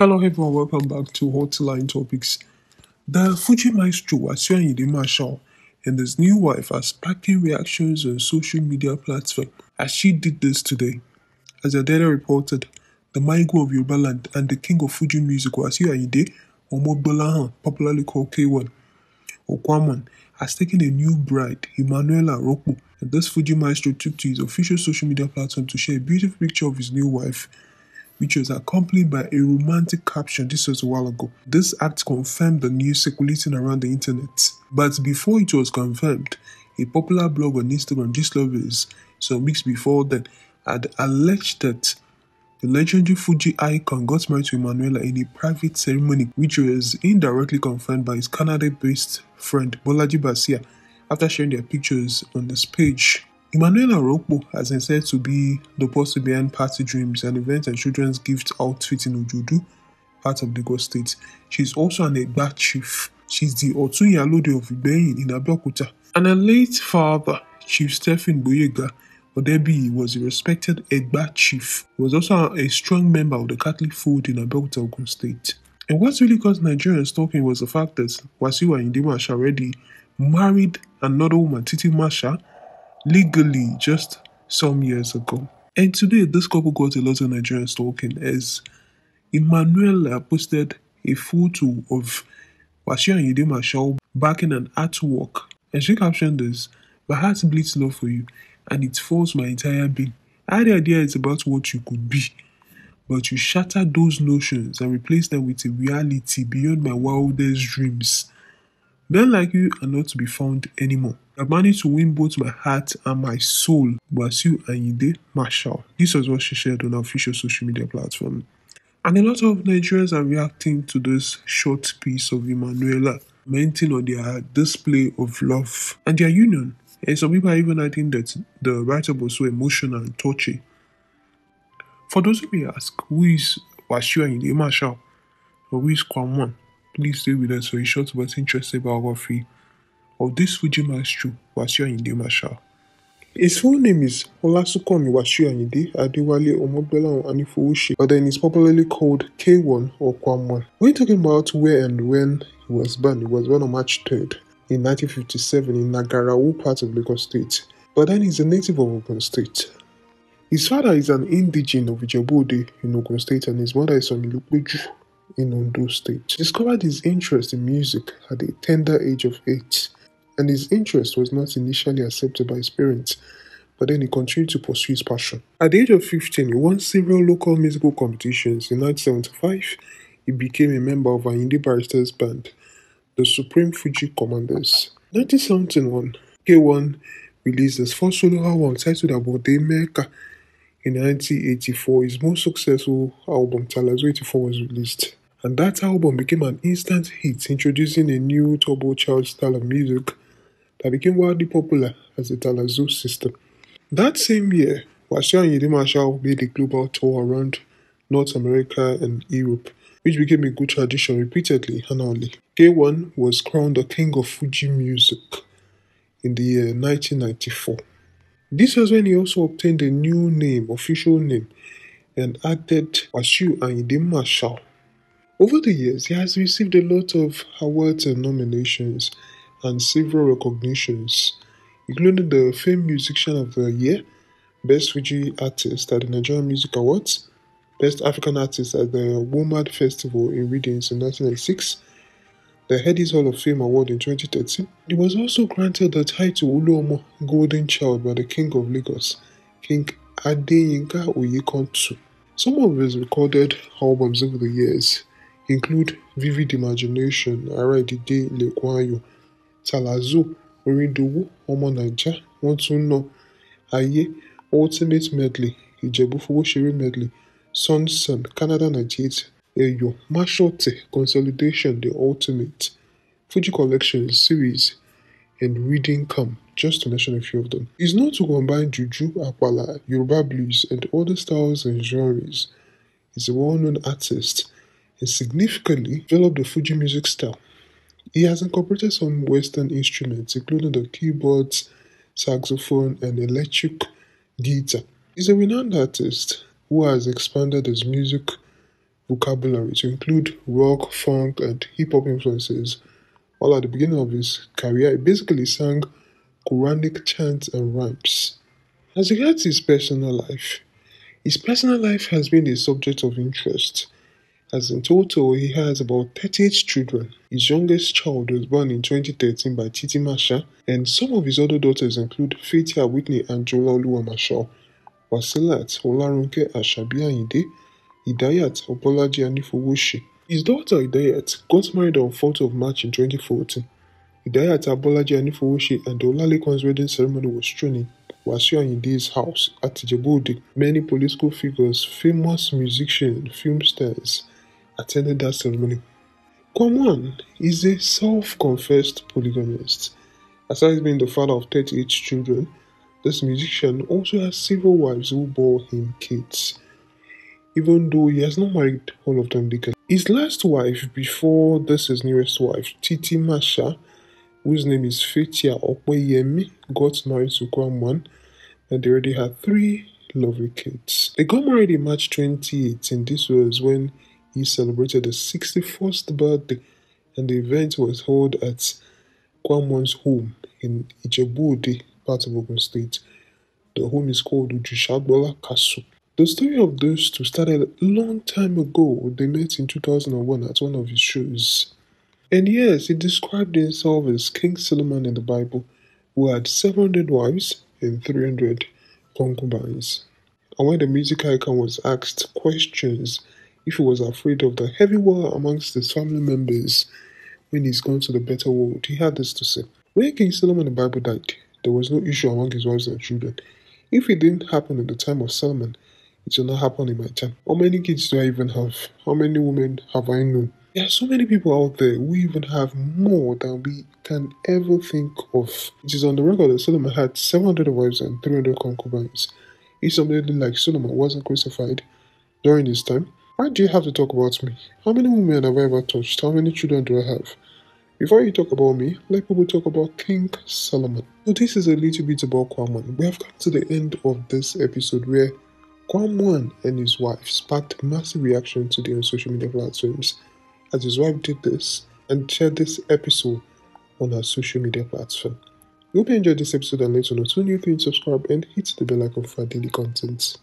Hello everyone, welcome back to Hotline Topics. The Fuji maestro Asuayinde Marshall and his new wife are sparking reactions on social media platforms as she did this today. As the data reported, the Maigo of Yoruba land and the king of Fuji music Asuayinde Omogbolahan, popularly called K1, Okwaman, has taken a new bride, Emanuela Roku, and this Fuji maestro took to his official social media platform to share a beautiful picture of his new wife, which was accompanied by a romantic caption. This was a while ago. This act confirmed the news circulating around the internet. But before it was confirmed, a popular blog on Instagram, This Lovers, some weeks before that, had alleged that the legendary Fuji icon got married to Emanuela in a private ceremony, which was indirectly confirmed by his Canada based friend Bolaji Basia after sharing their pictures on his page. Emmanuel Arokpo has been said to be the person behind Party Dreams, an event and children's gift outfit in Ojodu, part of Lagos State. She is also an Egba chief. She is the Otunyalode of Ibeyin in Abeokuta. And her late father, Chief Stephen Boyega Odebi, was a respected Egba chief. He was also a strong member of the Catholic fold in Abeokuta Ogun State. And what really got Nigerians talking was the fact that Wasiwa Ayinde already married another woman, Titi Masha, legally just some years ago. And today, this couple got a lot of Nigerians talking as Emmanuel posted a photo of Washia and Yede back in an artwork. And she captioned this My heart bleeds love for you, and it fills my entire being. I had the idea about what you could be, but you shattered those notions and replaced them with a reality beyond my wildest dreams. Men like you are not to be found anymore i managed to win both my heart and my soul, Basil and Yide Marshall. This was what she shared on her official social media platform. And a lot of Nigerians are reacting to this short piece of Emanuela, commenting on their display of love and their union. And some people are even adding that the writer was so emotional and touchy. For those who may ask, who is Wasiu Ayinde Marshall or who is Kwamon? Please stay with us for a short but interesting biography of this Fuji maestro, your Ayinde Marshal. His full name is Olasukomi Wasiu Ayinde Adewale Omobelaun Anifowose, but then he's popularly called K1 or Kwamon. We're talking about where and when he was born. He was born on March 3rd in 1957 in Nagarawo part of Lagos State, but then he's a native of Ogun State. His father is an indigene of ijebu in Ogun State and his mother is from Ilupeju in Ondo State. He discovered his interest in music at the tender age of 8 and his interest was not initially accepted by his parents, but then he continued to pursue his passion. At the age of 15, he won several local musical competitions. In 1975, he became a member of an indie barrister's band, the Supreme Fuji Commanders. 1971, K1 released his first solo album titled Abode Mecca. In 1984, his most successful album, Talazo 84, was released. And that album became an instant hit, introducing a new turbo style of music that became wildly popular as the Talazu system. That same year, Wasiu and Marshall made a global tour around North America and Europe, which became a good tradition repeatedly annually. K1 was crowned the king of Fuji music in the year 1994. This was when he also obtained a new name, official name, and added Wasiu and Marshall. Over the years, he has received a lot of awards and nominations and several recognitions, including the Famed Musician of the Year, Best Fuji Artist at the Nigerian Music Awards, Best African Artist at the WOMAD Festival in Readings in 1996, the Headies Hall of Fame Award in 2013. He was also granted the title Uluomo Golden Child by the King of Lagos, King Adeyinka Oyekontu. Some of his recorded albums over the years include Vivid Imagination, Ara Dide Lekwayo, Salazo Orindowo ọmọ Nàìjíríà wọ́n tún na Ayé Ultimate Medley Ìjẹ̀bú fowó ṣeré Medley Son-Sann Canada 98 Ẹ̀yọ̀ Maṣọ̀tẹ̀ Consolidation, The Ultimate Fuji Collection Series and Reading Camp, just to mention a few of them. It's known to combine Juju, Apala, Yoruba blues, and other styles and genres. He's a well-known artist and significantly developed the Fuji music style. He has incorporated some Western instruments, including the keyboards, saxophone, and electric guitar. He's a renowned artist who has expanded his music vocabulary to include rock, funk, and hip hop influences. All at the beginning of his career, he basically sang Quranic chants and rhymes. As regards his personal life, his personal life has been a subject of interest as in total he has about 38 children. His youngest child was born in 2013 by Titi Masha, and some of his other daughters include Fatia Whitney and Jola Oluwamashaw, Wasilat Olarunke Ashabi Ayinde, Idayat Obolaji Anifowoshi. His daughter Idayat got married on 4th of March in 2014. Idayat Abolaji Anifowoshi and the Olalekan's wedding ceremony was thrown in Wasiu Ayinde's house at Djibouti. Many political figures, famous musicians, film stars, attended that ceremony. Kwamun is a self confessed polygamist. Aside being the father of 38 children, this musician also has several wives who bore him kids. Even though he has not married all of them His last wife before this his newest wife, Titi Masha, whose name is Fetia Okweyemi, got married to Kwamwan and they already had three lovely kids. They got married in March 2018. This was when he celebrated his 61st birthday, and the event was held at Kwamun's home in Ijebu-Ode, part of Ogun State. The home is called Ujishagbola Castle. The story of those two started a long time ago. They met in 2001 at one of his shows. And yes, he described himself as King Solomon in the Bible, who had 700 wives and 300 concubines. And when the music icon was asked questions if he was afraid of the heavy war amongst his family members when he's gone to the better world, he had this to say. When King Solomon the Bible died, there was no issue among his wives and children. If it didn't happen in the time of Solomon, it will not happen in my time. How many kids do I even have? How many women have I known? There are so many people out there who even have more than we can ever think of. It is on the record that Solomon had 700 wives and 300 concubines. If somebody like Solomon wasn't crucified during his time, why do you have to talk about me? How many women have I ever touched? How many children do I have? Before you talk about me, let people talk about King Solomon. So this is a little bit about Kwamon. We have come to the end of this episode where Kwamon and his wife sparked massive reaction today on social media platforms as his wife did this and shared this episode on her social media platform. We hope you enjoyed this episode and let us know two new things, subscribe and hit the bell icon for daily content.